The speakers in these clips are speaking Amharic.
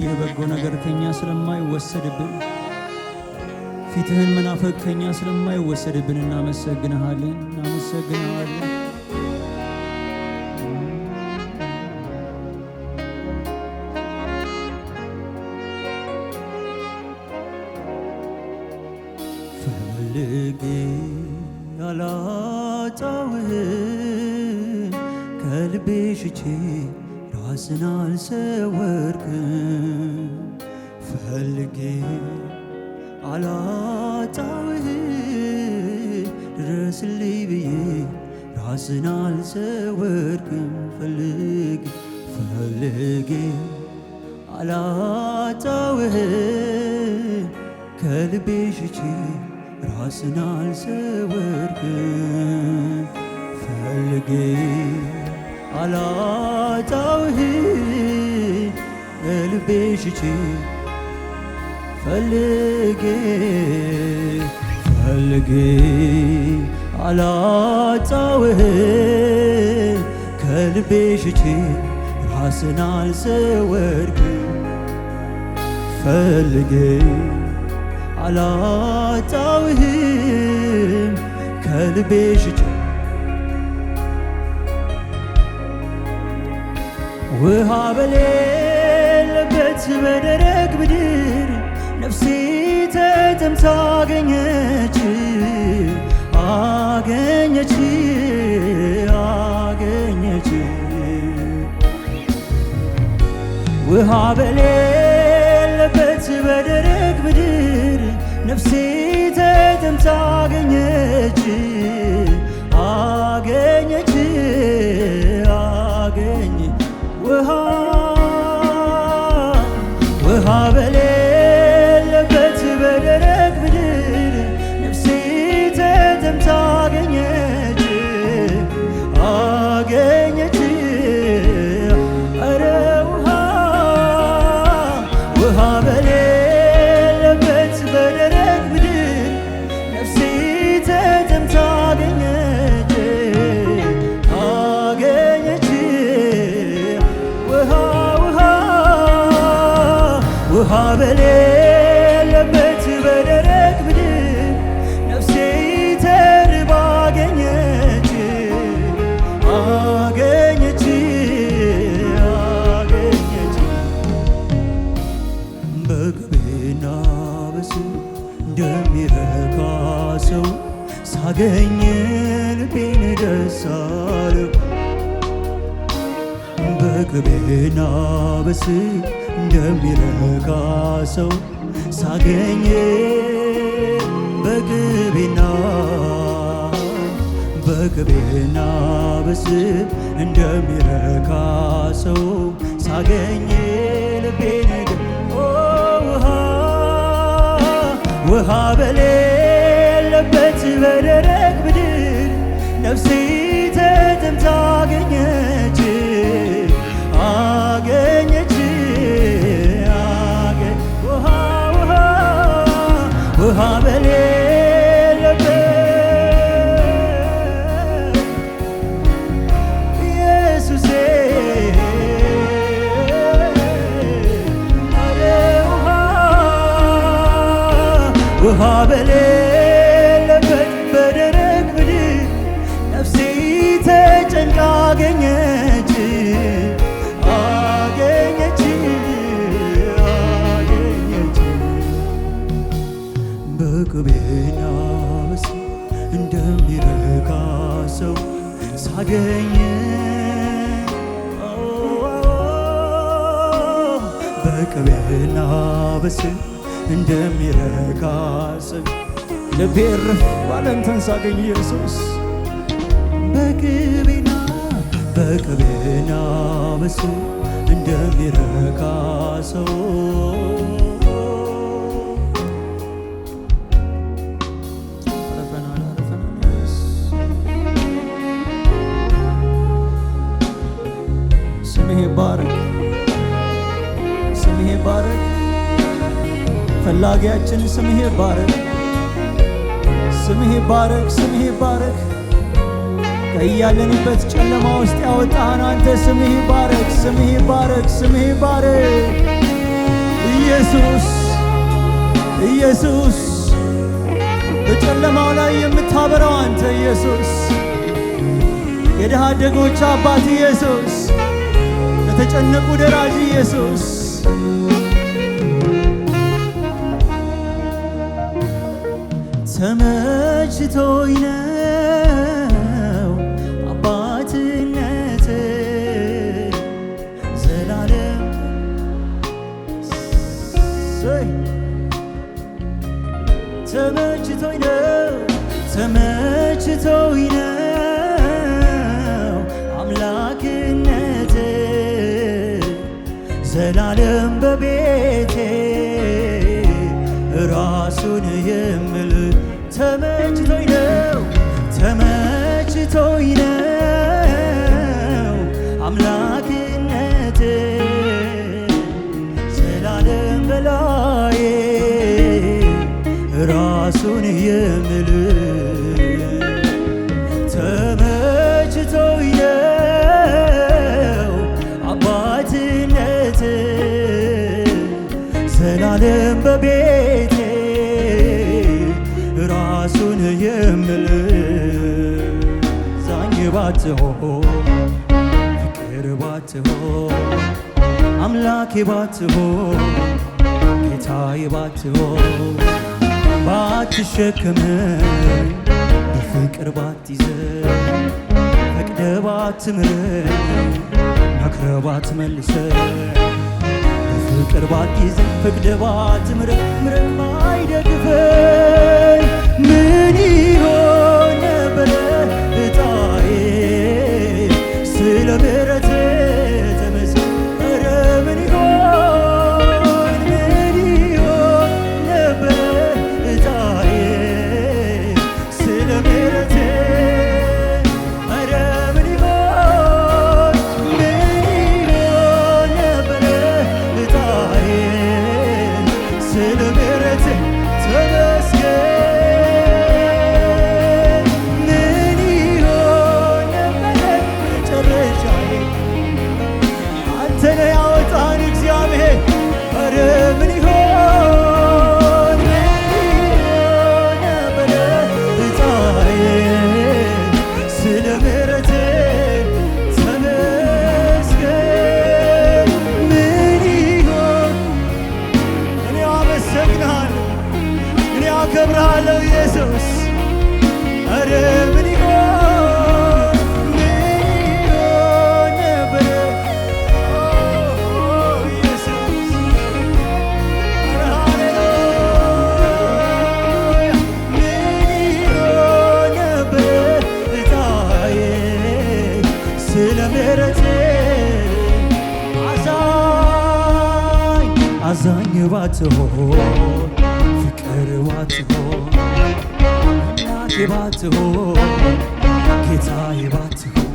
ይህ በጎ ነገር ከኛ ስለማይወሰድብን ፊትህን መናፈቅ ከኛ ስለማይወሰድብን እናመሰግንሃለን፣ እናመሰግንሃለን። ባላጣውህ ድረስልኝ ብዬ ራስን አልሰወርክም ፈልግ ፈልጌ አላጣውህ ከልቤ ሽቼ ራስን አልሰወርክም ፈልጌ አላጣውህ ከልቤ ሽቼ ፈልጌ ፈልጌ አላጣውህ ከልቤ ሽቼ ራስን አልሰወርክ ፈልጌ አላጣውህ ከልቤ ሽቼ ውሃ በሌለበት በደረቅ ምድር ነፍሴ ተጠምታ አገኘች አገኘች አገኘች ውሃ በሌለበት በደረቅ ምድር ነፍሴ ተጠምታ አገኘች ባርከኝ በግቤና በግቤና ብስብ እንደሚረካ ሰው ሳገኝ ልቤን ውሃ ውሃ በሌለበት በደረቅ ምድር ነፍሴ ውሃ በሌለበት በደረቅ ምድር ነፍሴ ተጨንቃ አገኘች አገኘች አገኘች በቅቤና በስብ እንደሚረካ ሰው ሳገኘ በቅቤና በስብ እንደሚረጋ ጽጌ ልቤ እርፍ ባለንተን ሳገኝ ኢየሱስ በቅቤና በቅቤና በሱ እንደሚረጋ ሰው ፈላጊያችን ስምህ ይባረክ፣ ስምህ ይባረክ፣ ስምህ ይባረክ። ከያለንበት ጨለማ ውስጥ ያወጣህን አንተ ስምህ ይባረክ፣ ስምህ ይባረክ፣ ስምህ ይባረክ። ኢየሱስ ኢየሱስ በጨለማው ላይ የምታበራው አንተ ኢየሱስ፣ የድሃ አደጎች አባት ኢየሱስ፣ ለተጨነቁ ደራጅ ኢየሱስ ተመችቶኝ ነው አባትነት ዘላለም ተመችቶኝ ነው ተመችቶኝ ነው አምላክነት ዘላለም በቤት ተመችቶኝ ነው ተመችቶኝ ነው አምላኬ ባትሆን ጌታዬ ባትሆን ባትሸከመኝ በፍቅር ባትይዘኝ ፈቅደህ ባትምረኝ መክረህ ባትመልሰኝ በፍቅር ባትይዘኝ ፈቅደህ ባትምረኝ ምረህ ባይደግፈኝ ኢየሱስ አረ ምን ይሆን ምን ይሆን አዛኝ አዛኝ ባትሆን ባትሆን ጌታዬ ባትሆን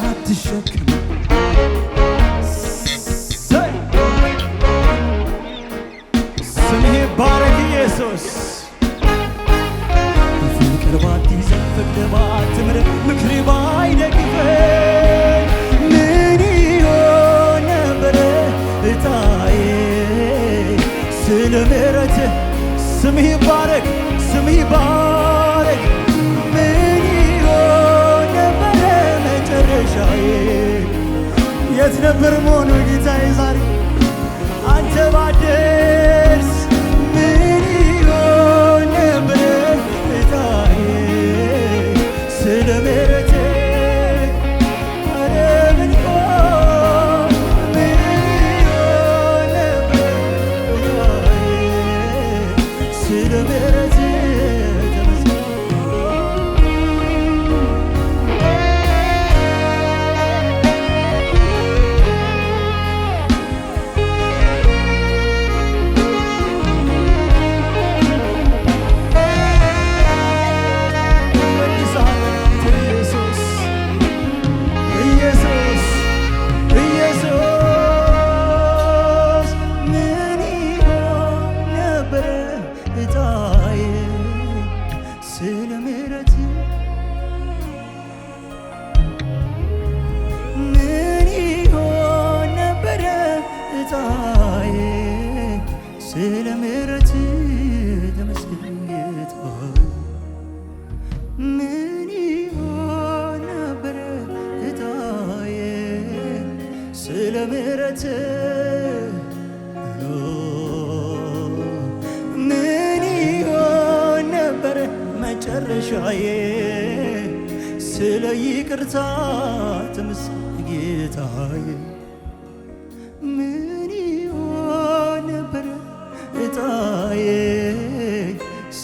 ባትሸከም ስምህ ይባረክ ኢየሱስ να φερμόνω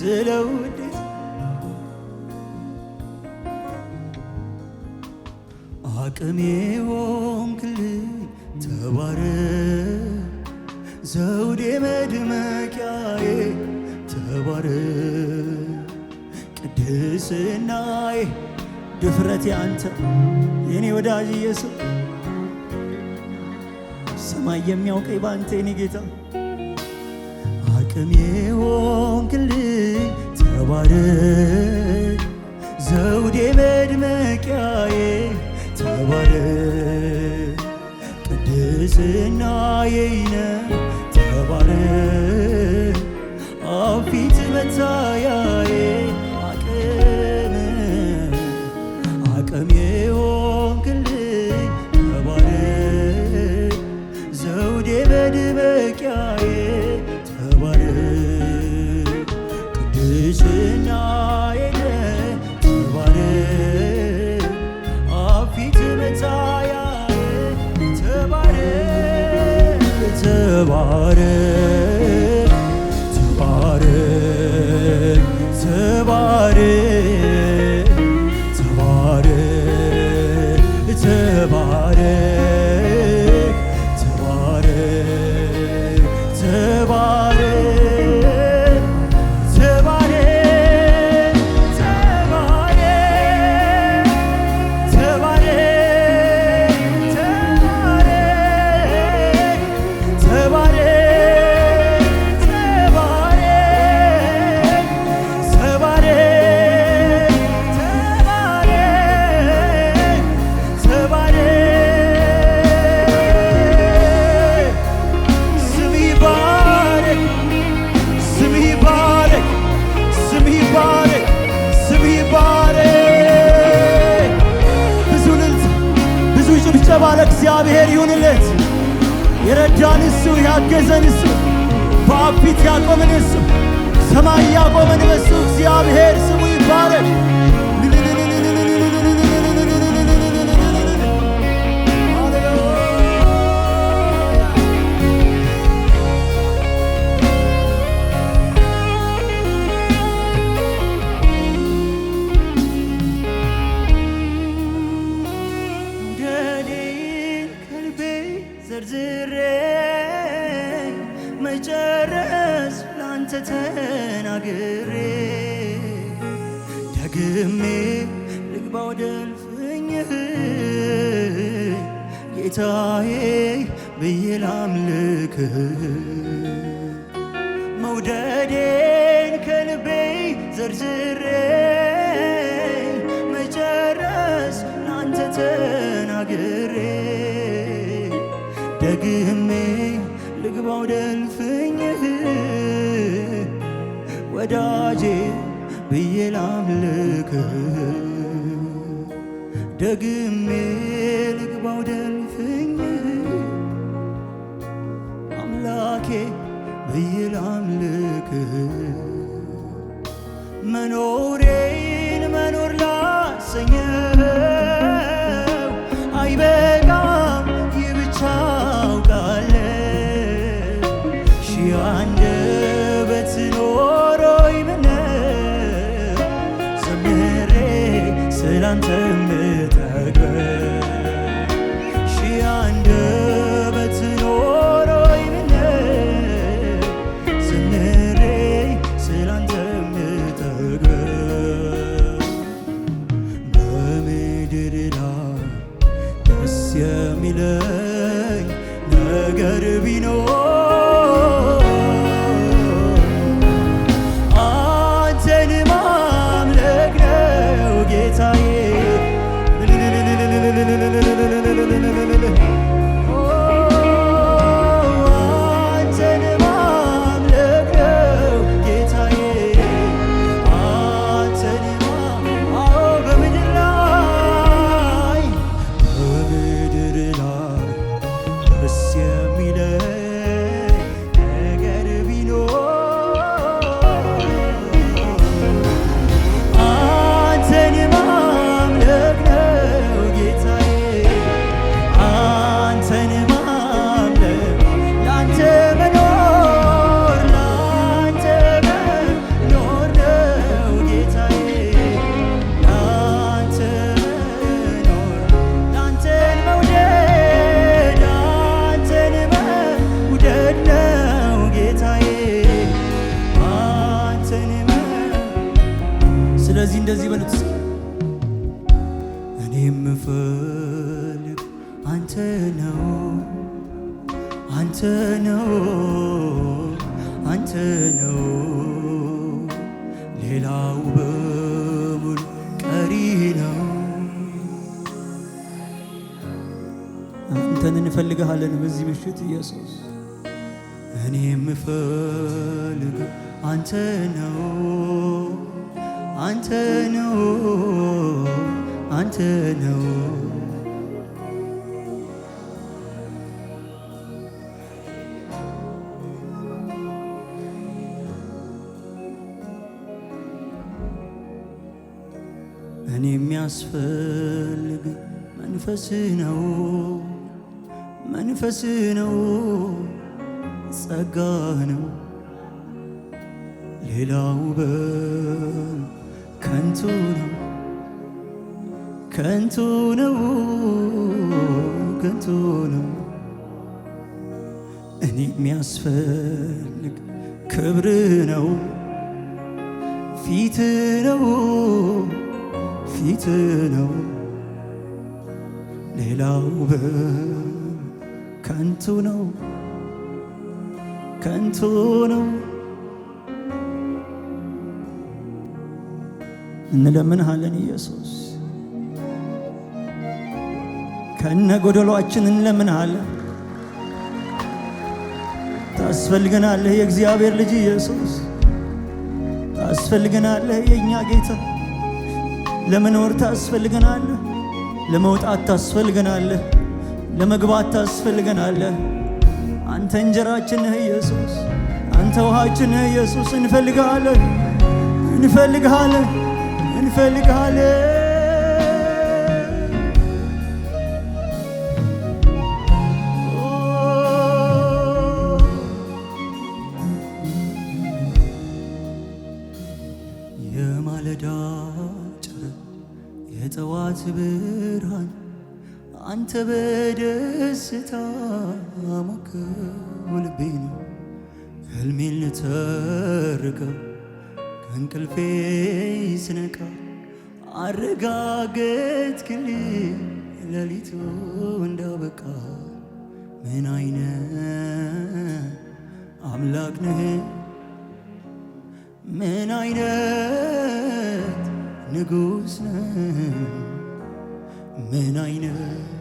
ስለ ውዴት አቅሜ ሆንክልኝ ተባረክ ዘውዴ መድመቂያዬ ተባረክ ቅድስናዬ ድፍረት ያንተ የኔ ወዳጅ ኢየሱስ ሰማይ የሚያውቀኝ ባንተ የኔ ጌታ አቅሜ ሆንክ ተባረክ ዘውዴ መድመቂያዬ ተባረክ ቅድስናዬ ለእግዚአብሔር ይሁንለት። የረዳን እሱ፣ ያገዘን እሱ፣ በአብ ፊት ያቆመን እሱ፣ ሰማይ ያቆመን እሱ። እግዚአብሔር ስሙ ይባረክ። አትለፍኝ ወዳጄ ብዬ ላምልክ ደግሜ ልግባው ደልፍኝ አምላኬ ብዬ ላምልክ መኖሬ cantante እኔ የሚያስፈልግ መንፈስህ ነው መንፈስህ ነው ጸጋህ ነው ሌላው በከንቱ ነው ከንቱ ነው ከንቱ ነው እኔ የሚያስፈልግ ክብር ነው ፊት ነው ፊት ነው ሌላው ከንቱ ነው ከንቱ ነው እንለምንሃለን ኢየሱስ ከነ ጎደሏችን እንለምንሃለን። ታስፈልገናለህ የእግዚአብሔር ልጅ ኢየሱስ፣ ታስፈልገናለህ የእኛ ጌታ። ለመኖር ታስፈልገናለህ፣ ለመውጣት ታስፈልገናለህ፣ ለመግባት ታስፈልገናለህ። አንተ እንጀራችን ነህ ኢየሱስ፣ አንተ ውሃችን ነህ ኢየሱስ። እንፈልግሃለን፣ እንፈልግሃለን፣ እንፈልግሃለን በደስታ ሞከው ነው! ህልሜን ልተርከው ከእንቅልፌ ስነቃ አረጋገጥክልኝ ሌሊቱ እንዳበቃ ምን አይነት አምላክ ነህ? ምን አይነት ንጉሥ ነህ? ምን አይነት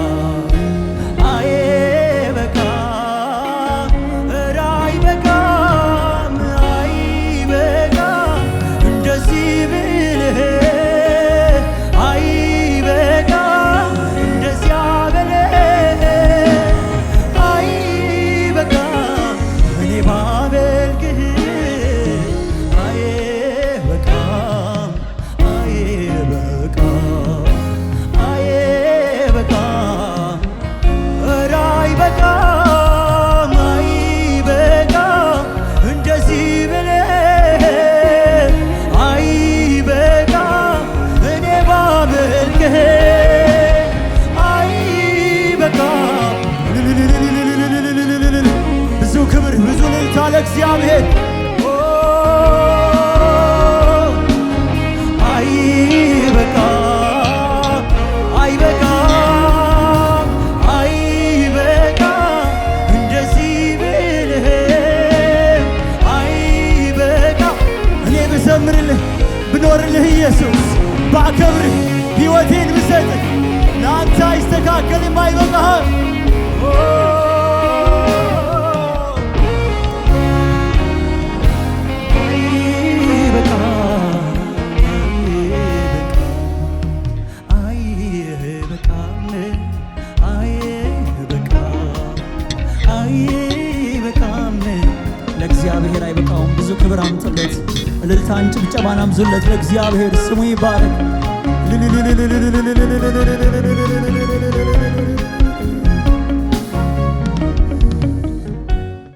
እግዚአብሔር አይበቃም አይበቃም አይበቃም እንደዚህ ብልህ እኔ ብዘምርልህ ብኖርልህ ኢየሱስ ባከብርህ ሕይወቴን ብሰጥህ ለአንተ አይስተካከልም አይበቃህም ብዙ ክብር አምጥለት። እልልታን ጭብጨባን አምዙለት ለእግዚአብሔር ስሙ ይባረክ።